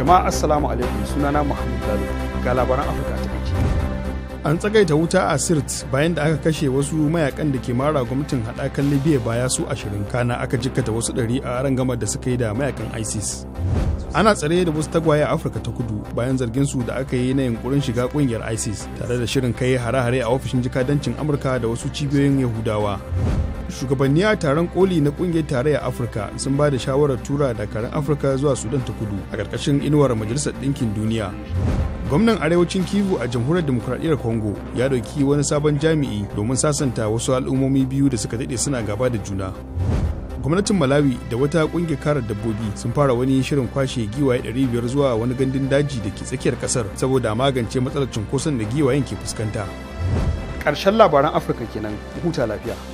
jama'a assalamu alaikum sunana muhammad lalu ga labaran afirka ta kake an tsagaita wuta a sirt bayan da aka kashe wasu mayakan da ke mara gwamnatin haɗakan libya baya su ashirin kana aka jikkata wasu ɗari a rangamar da suka yi da mayakan isis ana tsare da wasu tagwaye a afirka ta kudu bayan zargin su da aka yi na yunkurin shiga ƙungiyar isis tare da shirin kai hare-hare a ofishin jikadancin amurka da wasu cibiyoyin yahudawa shugabanni a taron koli na kungiyar tarayya afirka sun ba da shawarar tura da dakarun afirka zuwa sudan ta kudu a ƙarƙashin inuwar majalisar ɗinkin duniya gwamnan arewacin kivu a jamhuriyar demokuraɗiyyar congo ya ɗauki wani sabon jami'i domin sasanta wasu al'ummomi biyu da suka daɗe suna gaba da juna gwamnatin malawi da wata ƙungiyar karar dabbobi sun fara wani shirin kwashe giwaye 500 zuwa wani gandun daji da ke tsakiyar ƙasar saboda magance matsalar cunkoson da giwayen ke fuskanta ƙarshen labaran afirka kenan huta lafiya